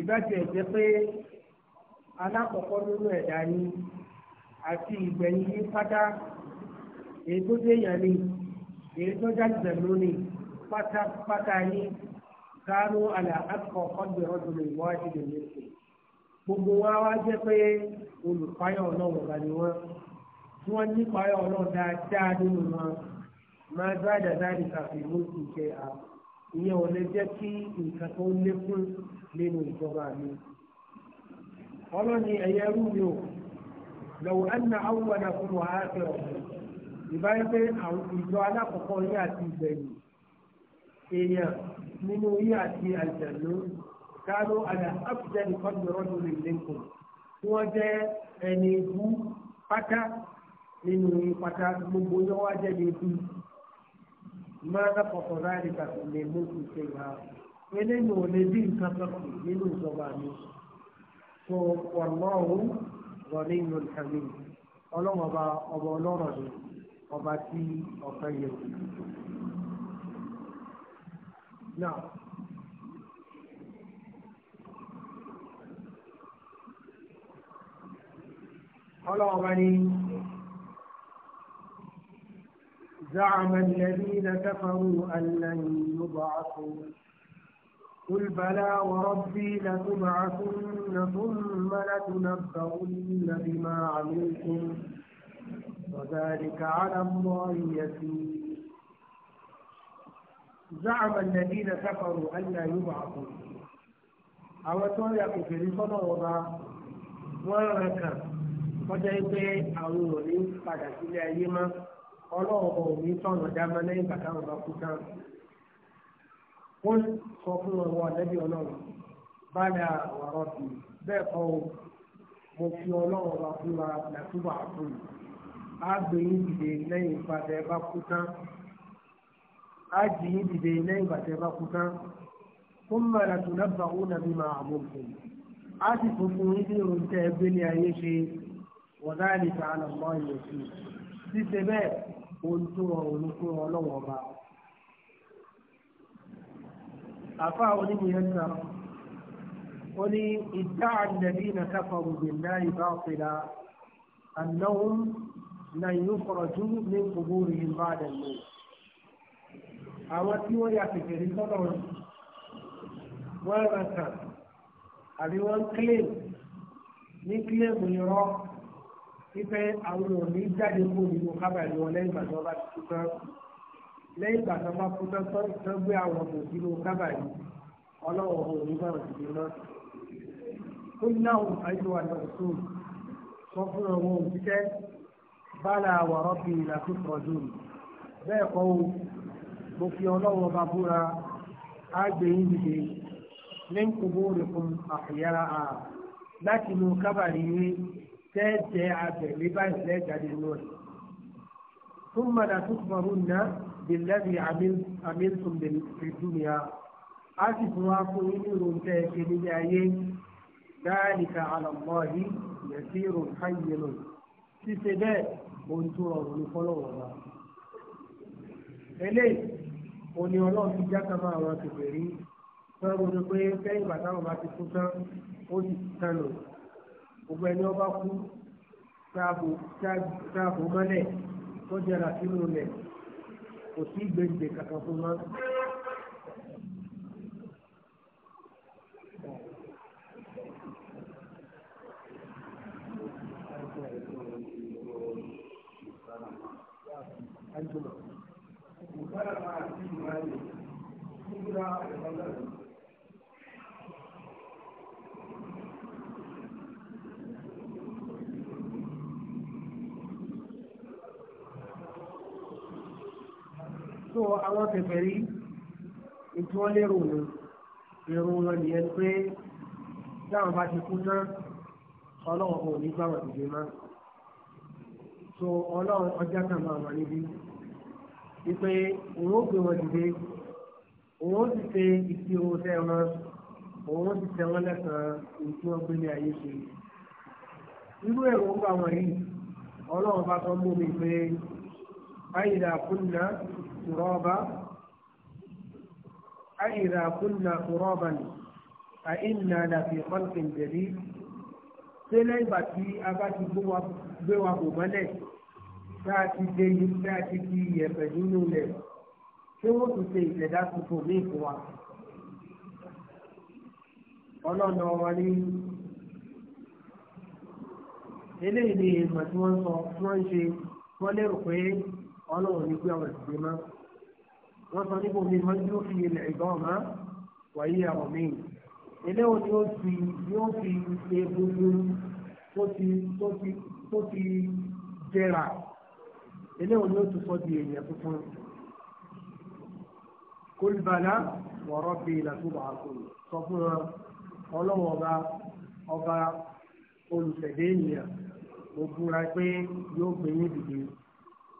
Speaker 2: ìbájú ẹ̀jẹ̀ pé alákọ̀ọ́kọ́ nínú ẹ̀dá yín àti ìgbẹ̀yìn yín pátá èyí tó déyàn ni èyí tó jáde lónìí pátápátá yín kánú àlà akọ̀ọ́kọ́ gbèrò dùnú ìwádìí lè ní ìpè. gbogbo wa wá jẹ́ pé olùpáyọ̀ ọlọ́run ọba ni wọ́n tí wọ́n ní ìpáyọ̀ ọlọ́run dáadáa nínú wọn máa dáadáa dáadáa kàfin ló ti jẹ à ìyẹn ò lè jẹ́ kí nǹkan tó lékún nínú ìjọba mi. ọlọ́ni ẹ̀yẹ rú mi ò lọ́wọ́ ẹ̀nà awúwàdà fún wa á ọ̀hún ìbáyé pé ìjọ alákọ̀ọ́kọ́ yìí àti ìgbẹ̀yìn èèyàn nínú yìí àti àjẹ̀lú kánú àlà àfùjáde kọ́ńdé rọ́dún lè lékun tí wọ́n jẹ́ ẹni ibú pátá nínú pátá gbogbo yẹn wá jẹ́ ní ibú mọ́nà kọ̀kọ́ láàyè kàtó lè mú kù ṣe ìhà eléyìí ò lè bí nǹkan kan kù nínú ìjọba mi so wàlọ́ọ̀hún rọ̀lẹ́ ìlú ìkàwé ọlọ́wọ́n ọba ọba ọlọ́rọ̀ ni ọba tí ọ̀fẹ́ yẹ ọlọ́wọ́ bá زعم الذين كفروا أن لن يبعثوا قل بلى وربي لتبعثن ثم لتنبؤن بما عملتم وذلك على الله يسير زعم الذين كفروا أن لا يبعثوا أو تولى كفر صدر وضع وركب kọjá pé àwọn ò ní padà sílé ayé mọ́ ọlọ́run ò ní tọ̀nà dáná lẹ́yìn bàtà wọn bá kú tán. wọ́n sọ fún wọn wọn àlẹ́bí ọlọ́run bá dà wàrọ̀ bì bẹ́ẹ̀ kọ́ o mo fi ọlọ́run wa fúnra làtúbà fún un á gbé yín dìde lẹ́yìn bàtà ẹ bá kú tán á jì yín dìde lẹ́yìn bàtà ẹ bá kú tán fún mẹ́rẹ̀ tó lẹ́bàá ó nàbí máa àmọ́ fún un á sì fún fún yín bí oúnjẹ ẹgbẹ́ ní ayé ṣe. وذلك على الله يسير ṣíṣe bẹ́ẹ̀ ohun tó rọrùn fún ọlọ́wọ́ ọba. àfa onímìíràn náà ó ní ìdá àdàbí na káfàrú bìnnà ìbáfìlà ànáhùn na ìlú kọ̀rọ̀jú ní kòbóòrè ìbá àdàlù. àwọn tí wọ́n yà kékeré sọ́dọ̀ wọ́n rẹ̀ kàn àbí wọ́n kílèm ní kílèm ìrọ́ wípé àwọn òní jáde kó nínú kábàlì wọn lẹ́yìn ìgbà tí wọ́n bá ti kú tán lẹ́yìn ìgbà tí wọ́n bá kú tán tán gbé àwọn ọmọ òsínú kábàlì ọlọ́wọ́ ọmọ òní bá wọn ti lọ. ó ní àwọn àìsàn àti ọ̀sùn sọ fún ọmọ òṣìṣẹ́ bala àwọ̀rọ̀ bíi ìlàkùn tọ́jú bẹ́ẹ̀ kọ́ o mo fi ọlọ́wọ́ bá búra á yín dìde lẹ́yìn kò rẹ̀ fún àkùyára à láti nu kábàlì yìí tẹ́ẹ̀jẹ́ abẹ̀mí báyìí lẹ́jáde inú ẹ̀. fún mọ̀nà tó fọ̀rọ̀ ná bìlẹ́bì amíntùn bìdúmìá a sì fún wa fún inú ìrùn tẹ́ ẹ ṣe nílé ayé dáàlìkà àlọ́mọ́ọ̀lì yẹ̀sí ìrùn káyẹ̀lò ṣíṣe bẹ́ẹ̀ ohun tó rọrùn ní wa. eléyìí òní ọlọ́run ti jákà máa wọn kẹfẹ́ rí fẹ́ẹ́ ronú pé kẹ́yìn bàtà wọn bá ti kú tán ó gbogbo ẹni ọba kú táàbù mọ́lẹ̀ tó jẹrà sínú rẹ̀ kò sí gbèǹde kankan fún wọn. Thank you. so àwọn tẹ̀fẹ̀ rí ètò wọn lérò ní èrò wọn nìyẹn pé táwọn bá ti kú ná ọlọ́run kò ní gbà wọ́n dìde má so ọlọ́run ọjà kan máa wà níbí wípé òun ó gbé wọn dìde òun ó sì ṣe ìṣirò tẹ wọn òun ó sì tẹ wọn lẹ́sàn-án èyí tí ní ayé ṣe irú èròǹgbà wọ̀nyí ọlọ́run bá sọ mú mi pé. أئذا كنا ترابا أئذا كنا ترابا أئنا لفي خلق جديد sẹ́lẹ̀ ìgbà tí a bá ti gbé wa bò mọ́lẹ̀ tá a ti dé yìí tá a ti fi ìyẹ̀fẹ̀ nínú rẹ̀ ṣé wọ́n tún ṣe ìṣẹ̀dá tuntun ní ìfún wa. ọlọ́nà wa ní eléyìí ni èèmọ̀ tí wọ́n sọ tí wọ́n ń ṣe wọ́n lérò pé ọlọ́run ní pé àwọn ìdílé máa wọ́n sọ níbo mi máa yóò fi ilẹ̀ ìgbọ́n máa wáyé àwọn míì eléwọ́n ni ó fi yóò fi ṣe gbogbo tó ti tó ti tó ti jẹrà eléwọ́n ni ó ti sọ di èèyàn tuntun kólbàlá wọ̀rọ̀ bíi làtúbà àkùnrin sọ fún wa ọlọ́wọ́ ọba ọba olùsẹ̀dé ènìyàn mo búra pé yóò gbé yín dìde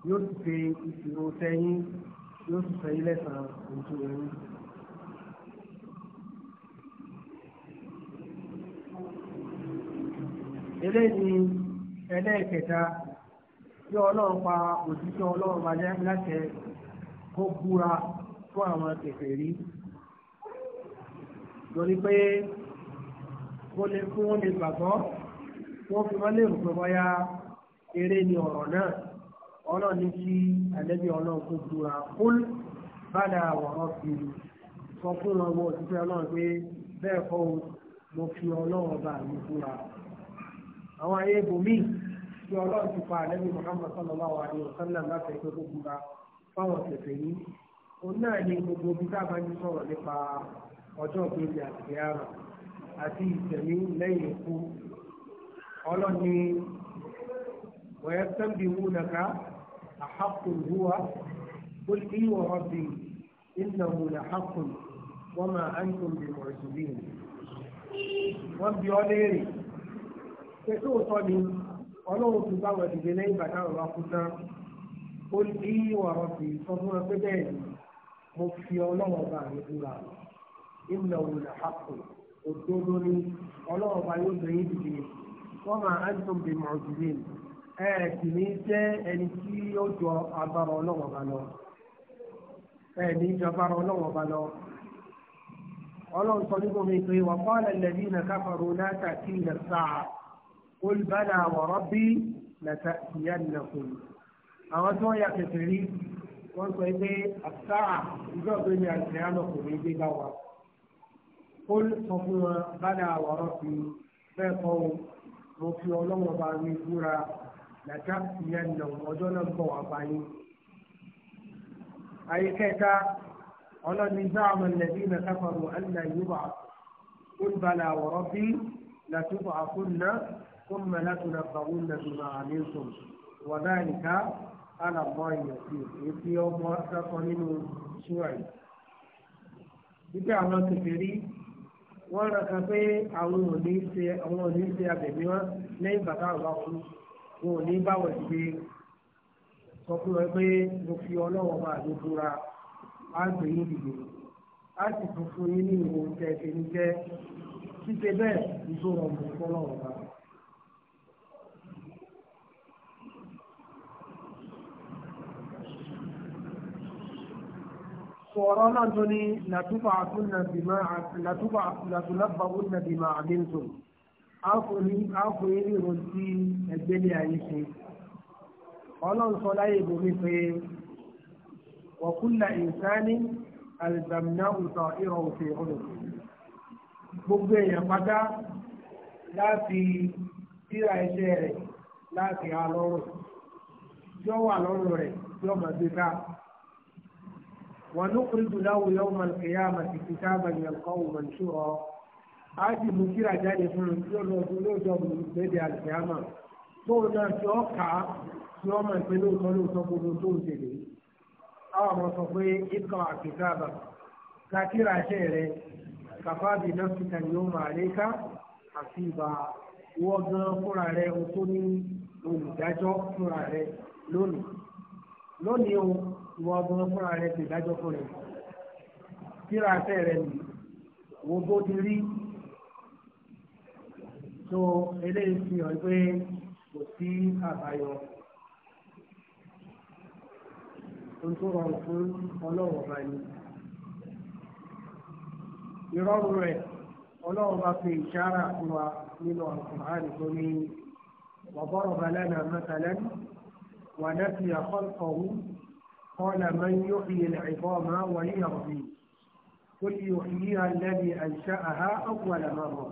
Speaker 2: yóò sì ṣe ìṣirò sẹ́yìn yóò sì sọ ilé san ojú ẹ̀yìn. eléyìí ẹlẹ́ẹ̀kẹta tí ọlọ́run pa òjíṣẹ́ ọlọ́run bá láṣẹ kó búra fún àwọn kẹfẹ́ rí lórí pé kó lè fún wọn lè gbàgbọ́ kó fi wọn lè rò pé bọ́yá eré ni ọ̀rọ̀ náà ọlọ́run ní kí àlẹ́bí ọlọ́run kó dúra kúl bàdà àwòrán fìlú sọ fún wọn wọ òṣìṣẹ́ ọlọ́run pé bẹ́ẹ̀ kọ́ mo fi ọlọ́run bá mi dúra. àwọn ayé ibòmíì tí ọlọ́run ti pa àlẹ́bí muhammad sallallahu alayhi wa sallam láti ẹgbẹ́ tó dúra fáwọn tẹ̀sẹ̀ yìí òun náà ni gbogbo bí tá a bá ní sọ̀rọ̀ nípa ọjọ́ ìgbésí àti àrùn àti ìtẹ̀mí lẹ́yìn ikú ọlọ́ni wẹ̀ẹ́sẹ́mbì wúnaka أحق هو قل إي وربي إنه لحق وما أنتم بمعجزين wọ́n bi ọ́ léèrè pé tó sọ ni ọlọ́run ti bá wọn dìde lẹ́yìn bàtà ọ̀rọ̀ kú tán ó ní ìwà ọ̀sìn sọ fún wọn pé bẹ́ẹ̀ ni mo fi ọlọ́run ọba mi búra ìmùlẹ̀ òun là hàpọ̀ òdodo ni ọlọ́run ọba yóò bẹ̀rẹ̀ dìde wọ́n máa ń tún bí mọ̀ ọ́ dìde nù ẹ̀ẹ̀dì ní jẹ́ ẹni tí ó jọ agbára ọlọ́wọ́ bá lọ ẹ̀ẹ̀dì jọ agbára ọlọ́wọ́ bá lọ ọlọ́run sọ nígbà mi pé wà kọ́ lẹ́lẹ́bí na káfàró láta kí na sáà olùbádà àwọ̀rọ̀ bí nàta ìyá nàkùn àwọn tí wọ́n ya kẹfẹ́ rí wọ́n sọ pé àsáà ìjọ tó ní àṣẹ àlọ́kùnrin gbé bá wa ó sọ àwọ̀rọ̀ bí bẹ́ẹ̀ kọ́ mo fi ọlọ́wọ́ bá mi búra làtà ìyẹn nà ọjọ́ náà bọ̀ wá báyìí. ayé kẹta ọlọ́ni záàmù lẹ́bí na káfàrú ẹ̀là yorùbá kúlbalà wọ̀rọ̀ bí làtúbọ̀ àkúnná kúnmọ̀ látúnà bàwùn nàdùnà àmínsùn wàdáyìíká alàmọ́ ìyẹ̀sì èyí ọmọ akẹ́kọ̀ọ́ nínú ṣúwà yìí. Ibi àwọn kẹfẹ́rí wọ́n rẹ̀ kan pé àwọn ò ní ṣe àwọn wọn lẹ́yìn bàtà àwọn bá wọn ò ní báwọ̀ ṣe sọ fún ẹ pé mo fi ọlọ́wọ́ máa ló búra á gbé yín dìde á sì tún fún yín ní ìwò tẹ ẹni jẹ ṣíṣe bẹ́ẹ̀ ìṣòro ọ̀gbìn fọlọ́wọ́ bá. sọ̀rọ̀ náà tó ní làtúbà àtúnà bìmá àtúnà bìmá àmì tòun àáfò eré ìrò tí ẹgbẹ́ ní ayé ṣe ọlọ́run sọ láyé ìbomi pé wọ́kúnlá ìsáni alìbàmínà òtọ̀ ìrọ̀ òfin ọ̀dọ̀ gbogbo èèyàn pátá láti síra iṣẹ́ rẹ̀ láti ha lọ́rùn tí ó wà lọ́rùn rẹ̀ tí ó máa gbé ká. wọn ló kúrìtù láwùjọ ọmọ ìkẹyà àmàtìkítà àgbàyàn kọ́ òmùmọ̀ ìṣúrọ̀ á sì mú kíra jáde fún un tí ó lọ sí lóòjọ́ lédè àlùfẹ́àmà tóun náà tí ó kà á tí ó mọ̀ pé lóòótọ́ lóòótọ́ gbogbo tó ń tèlé àwọn ọmọ sọ pé ikọ̀ àkìkáàbà ka kíra ṣe rẹ kàfá bí nọ́ọ̀sìkà ni ó máa lé ká àti ìbá wọ́n gan fúnra rẹ o tó ní olùdájọ́ fúnra rẹ lónìí lónìí o ìwọ ọgbọ́n fúnra rẹ ti dájọ́ fún rẹ kíra ṣe rẹ nì wo bó ti rí so eléyìí fi hàn pé kò sí àbáyọ ohun tó rọrùn fún ọlọ́run ọba ni ìrọ̀rùn rẹ̀ ọlọ́run bá fi ìṣára fún wa nínú àkùnrin tó ní وضرب لنا مثلا ونسي خلقه قال من يحيي العظام وهي رميم قل يحييها الذي انشاها اول مره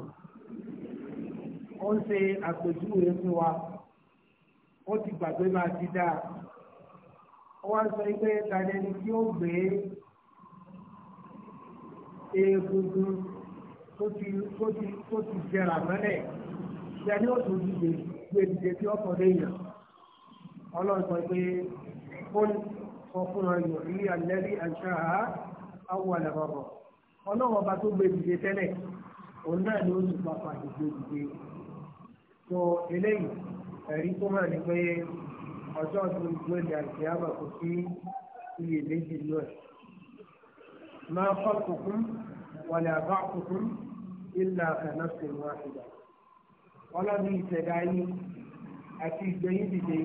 Speaker 2: ó ń ṣe àpèjúwe fún wa ó ti gbàgbé máa ti dáa ó wá sọ pé tani ẹni tí ó gbé egungun tó ti tó ti tó ti jẹrà mọ́lẹ̀ tani ó tún ti gbé dìde tí ọkọ̀ léèyàn ọlọ́run sọ pé ó sọ fún ọ yòó ní alẹ́ rí àṣà àwọn bọ̀bọ̀ ọlọ́run ọba tó gbé dìde tẹ́lẹ̀ òun náà ni ó ti pàpà ìgbé dìde tó eléyìí ẹ̀rí tó hàn ní pé ọjọ́ tó gbé ní àìsíámà kò sí iye méjì lọ ẹ̀. máa kọ́ kùkún wàlẹ̀ àbá kùkún ìlà kànáfẹ́ wọn àtìgbà. ọlọ́run ìṣẹ̀dá yín àti ìgbẹ́yìn dìde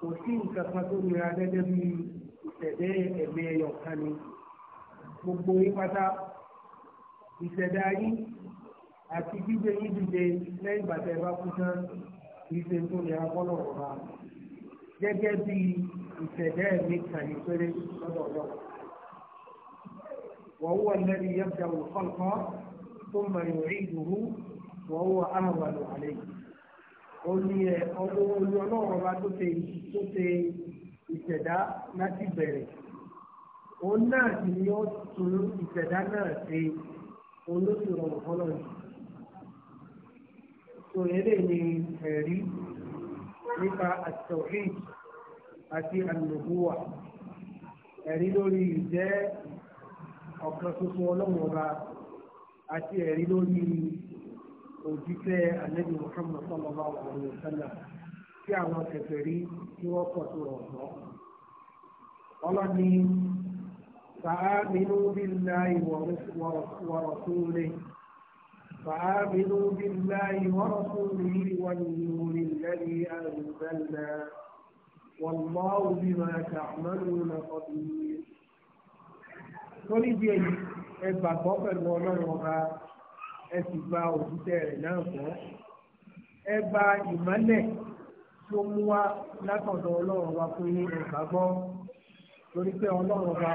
Speaker 2: kò sí nǹkan kan tó nira gẹ́gẹ́ bí ìṣẹ̀dá ẹ̀mí ẹ̀yọ̀ kan ni. gbogbo yín ìṣẹ̀dá yín àti gbígbé yín dìde lẹ́yìn ìgbà tẹ́ ẹ bá kú tán kì tó lè akọ́lọ̀ ọ̀la gẹ́gẹ́ bí ìṣẹ̀dá ẹ̀mí kàní péré lọ́dọ̀ lọ. وهو الذي يبدأ الخلق ثم يعيده وهو أهون عليه òní ẹ ọdún orí ọlọ́run ọba tó ṣe tó ṣe ìṣẹ̀dá láti bẹ̀rẹ̀ òun náà sì ni ó tún ìṣẹ̀dá náà ṣe olóṣèlú ọ̀rọ̀ fọlọ́ọ̀nù tó eré ni ẹ̀rí nípa àtọ̀hìn àti àlùbúwà ẹ̀rí lórí ìjẹ́ ọ̀kan tuntun ọlọ́run ọba àti ẹ̀rí lórí òjíṣẹ́ àlẹ́bí muhammed sọlọ́lá ọ̀hún ọ̀sẹ́lẹ̀ tí àwọn kẹfẹ́rí tí wọ́n pọ̀ tó rọ̀ lọ. ọlọ́ni sàá nínú bí láì wọ̀rọ̀ tó lé. فآمنوا بالله ورسوله والنور الذي أنزلنا والله بما تعملون خبير torí di èyí ẹ gbàgbọ́ pẹ̀lú ọlọ́run ọba ẹ sì gba òṣìṣẹ́ rẹ̀ náà gbọ́ ẹ gba ìmọ́lẹ̀ tó mú wá látọ̀dọ̀ ọlọ́run ọba fún yín ẹ gbàgbọ́ torí pé ọlọ́run ọba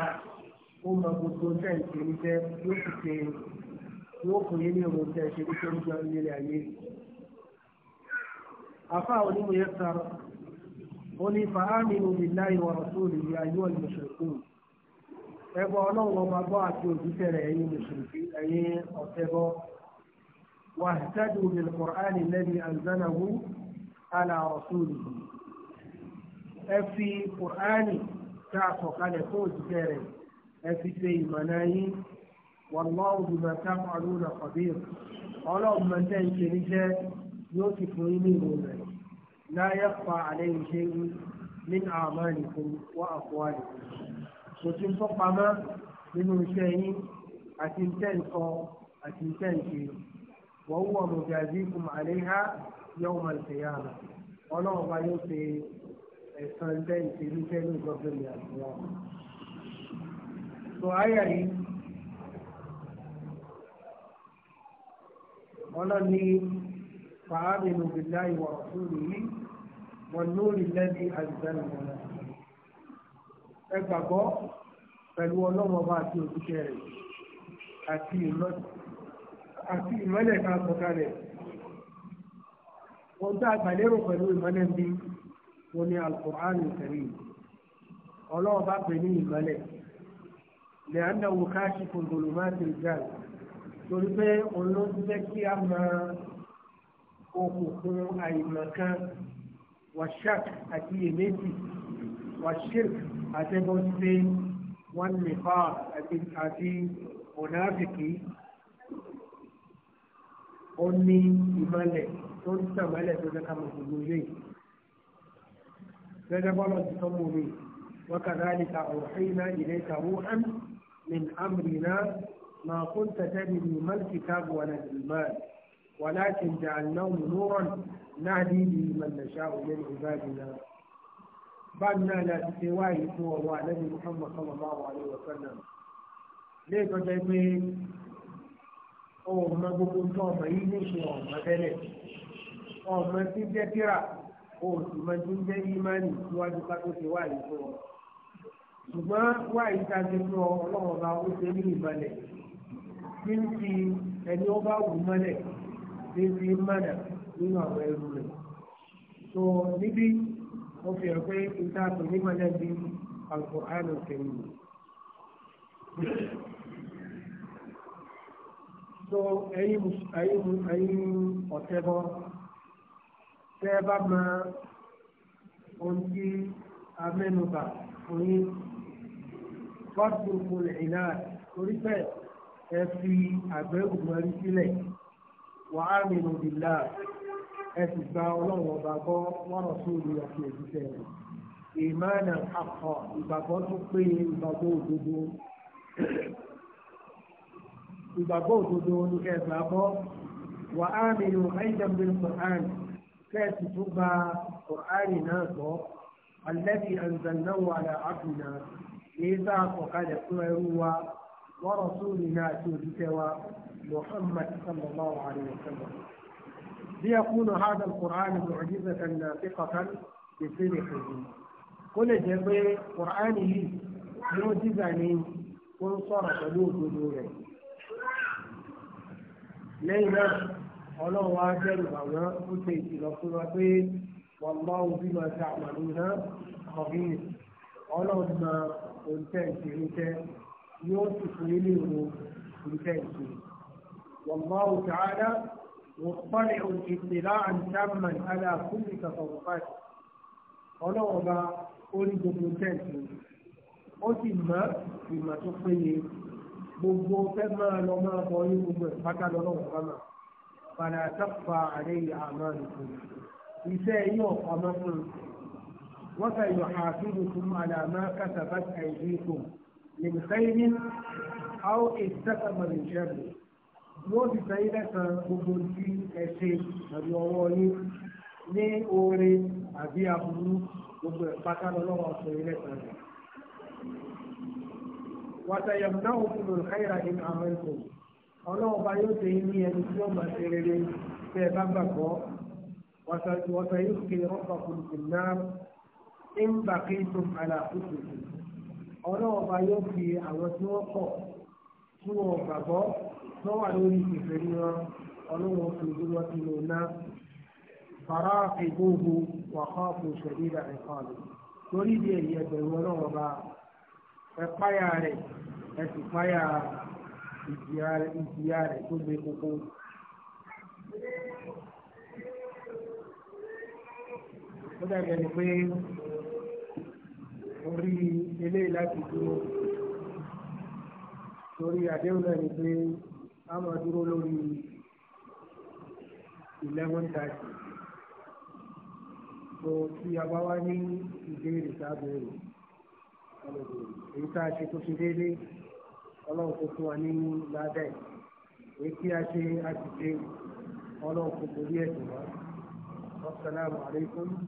Speaker 2: ó mọ gbogbo tẹ̀sí ní jẹ́ yóò sì ṣe ni ó kùn yín ní ọmọ tẹ́ ṣe kíkẹ́ ní ọjọ́ ilé ayé. afa onímọ̀ yẹn sara ó ní fàámìnú mi láì wà sóòlù yìí ayé wọn mùsùlùmí ẹgbẹ́ ọlọ́run ọba gbọ́ àti òjíṣẹ́ rẹ̀ ẹ̀yin mùsùlùmí ẹ̀yin ọ̀tẹ́bọ́ واهتدوا بالقرآن الذي أنزله على رسوله أفي قرآني تعصق على فوز كارم أفي سيمنايين wàlláhu bímọ táwọn àlùdà kọ̀bíir ọlọ́run máa ń tẹ́ ìṣe níṣẹ́ yóò ti fún yín ní ìròyìn rẹ̀ láyé pa àlẹ́ ìṣe yìí ní àmàlì fún wá àkọ́wálì kò sí tó pamọ́ nínú iṣẹ́ yín àti iṣẹ́ nǹkan àti iṣẹ́ ìṣe wọ́n wọ̀ mọ̀gàdí fún àlẹ́ yóò máa ṣe yára ọlọ́run bá yóò ṣe ẹ̀sán bẹ́ẹ̀ ìṣe níṣẹ́ ní ìgbọ́gbẹ́ mi wọn. ọlọ́ni fàámìnú bìlá ìwà òfúrú yìí wọn lórí lẹ́bi àìsàn ìwọ̀n ẹ gbàgbọ́ pẹ̀lú ọlọ́mọba àti òṣìṣẹ́ rẹ̀ àti ìmọ́lẹ̀ kan sọ̀kalẹ̀ ohun tá a gbà lérò pẹ̀lú ìmọ́lẹ̀ ń bí wọn ni alukur'an ìkẹrì ọlọ́wọ́ pè ní ìmọ́lẹ̀ lẹ́yìn náà wò káàkiri kòtòlùmọ́ àti ìjà torí pé òun ló ń jẹ́ kí a máa òkùnkùn àìmọ̀kan wàṣák àti iyèméjì wàṣírk àtẹ́bọ̀sí wọn nìfà àti mọ̀nàfìkì ó ní ìmọ̀lẹ̀ tó ń tẹ̀mọ́lẹ̀ tó jẹ́ ká mọ̀ gbogbo yìí. gẹ́gẹ́ bọ́lá ti sọ́mù mi wọ́n kàdá níta ọ̀rọ̀ ẹ̀yìn náà ìrẹ́ta wọ́n hàn ní àmì náà. ما كنت تدري ما الكتاب ولا الإيمان ولكن جعلناه نورا نهدي به من نشاء من عبادنا بعدنا لا سواه هو النبي محمد صلى الله عليه وسلم ليه تجيبين أو ما بكون توما يمشي أو ما تلت أو ما تبدأ ترى أو ما تبدأ إيماني سوى دكاتو سواه هو ṣùgbọ́n wáyé tá a ti fún ọ ọlọ́run tí ń fi ẹni ó bá wù mọ́lẹ̀ tí ń fi mọ́nà nínú àwọn ẹrù rẹ̀. tó níbí ó fi hàn pé ìta kò ní mọ́lẹ̀ bí alukóhánù kẹ́yìn. tó ẹ̀yin ọ̀tẹ́bọ́ tẹ́ ẹ bá mọ ohun tí a mẹ́nu bà fún yín fọ́tùkù ìlà orí bẹ́ẹ̀ ẹ fi àgbẹ̀wò mọ́rí sílẹ̀ wà á mìíràn bìlà ẹ sì gba ọlọ́run ọba gbọ́ wọ́rọ̀ sóòlù àti òṣìṣẹ́ rẹ̀ ìmọ̀nà àkọ́ ìgbàgbọ́ tó péye ìgbàgbọ́ òdodo ìgbàgbọ́ òdodo ní ẹgbàá bọ́ wà á mìíràn àìjàmbìlì kọ̀ọ̀án kẹ́ẹ̀sì tó gba kọ̀ọ̀án náà gbọ́ alẹ́ bí àǹzàlnáwó àlà àbùnà èyí tá a kọ̀ kalẹ̀ fún ẹrú wa. ورسولنا سيدنا محمد صلى الله عليه وسلم ليكون هذا القرآن معجزة ناطقة بصرحه كل جبه قرآنه معجزة وانصر قلوب دونه لينا ọlọ́run wa jẹ́rù àwọn ó ṣe ìkìlọ̀ fún wa pé wàláwù bí máa ṣe àmàlú náà ọ̀gbìn ọlọ́run máa òǹtẹ̀ ìṣèlú jẹ́ yóò sì fún ilé ìwò ìfẹ́ ìṣe. والله تعالى مطلع اطلاعا تاما على كل تصرفاته ọlọ́wọ́ bá orí gbogbo tẹ́ǹtì ó sì mọ ìmọ̀ tó péye gbogbo fẹ́ máa lọ máa bọ ní gbogbo ẹ̀ pátá lọ́wọ́ bá mà padà àlẹ́ àmọ́ nìkan iṣẹ́ yìí ọ̀pá mọ́ fún un wọ́n fẹ́ yọ̀ àfihàn fún àlàmọ́ kásàbá àìsí fún من خير أو استقم من شر yóò ti sọ yín lẹ́sàn gbogbo tí ẹ ṣe tàbí ọwọ́ yín ní oore àbí aburú gbogbo ẹ̀ pátá lọ́wọ́ sọ yín lẹ́sàn rẹ̀. wàtàyà náà kò lò káyìrà ní amẹ́ríkò ọlọ́wọ́ bá yóò ṣe ní ẹni tí ó máa ṣe rere tẹ́ ẹ bá gbàgbọ́ wàtàyà yóò ṣe rọ́pà kùlùkùn náà ń bàkí tó àlàkùtù ọlọ́wọ́ bá yóò fi àwọn tí wọ́n kọ̀ tí wọ́n gbàgbọ́ tó wà lórí ìfẹ́ ní wọn ọlọ́wọ́ fi ti lò ná fara ìgbóhu wàhọ́ fún ìṣẹ̀lẹ̀ ìdá ẹ̀kọ́ rẹ̀ torí ìdí èyí ẹgbẹ̀rún ọlọ́wọ́ ẹ̀páyà rẹ̀ ẹ̀sìn páyà ìjìyà rẹ̀ tó gbé kókó. ó dàbí ẹni pé orí ilé láti dúró torí àdéhùn náà ni pé a máa dúró lórí eleven thirty so tí a bá wá ní ìbéèrè sábẹ́rẹ́ èyí tá a ṣe tó ṣe déédéé ọlọ́run tó fún wa ní ládàá èyí tí a ṣe a ti ṣe ọlọ́run kò borí ẹ̀sìn wa. والسلام عليكم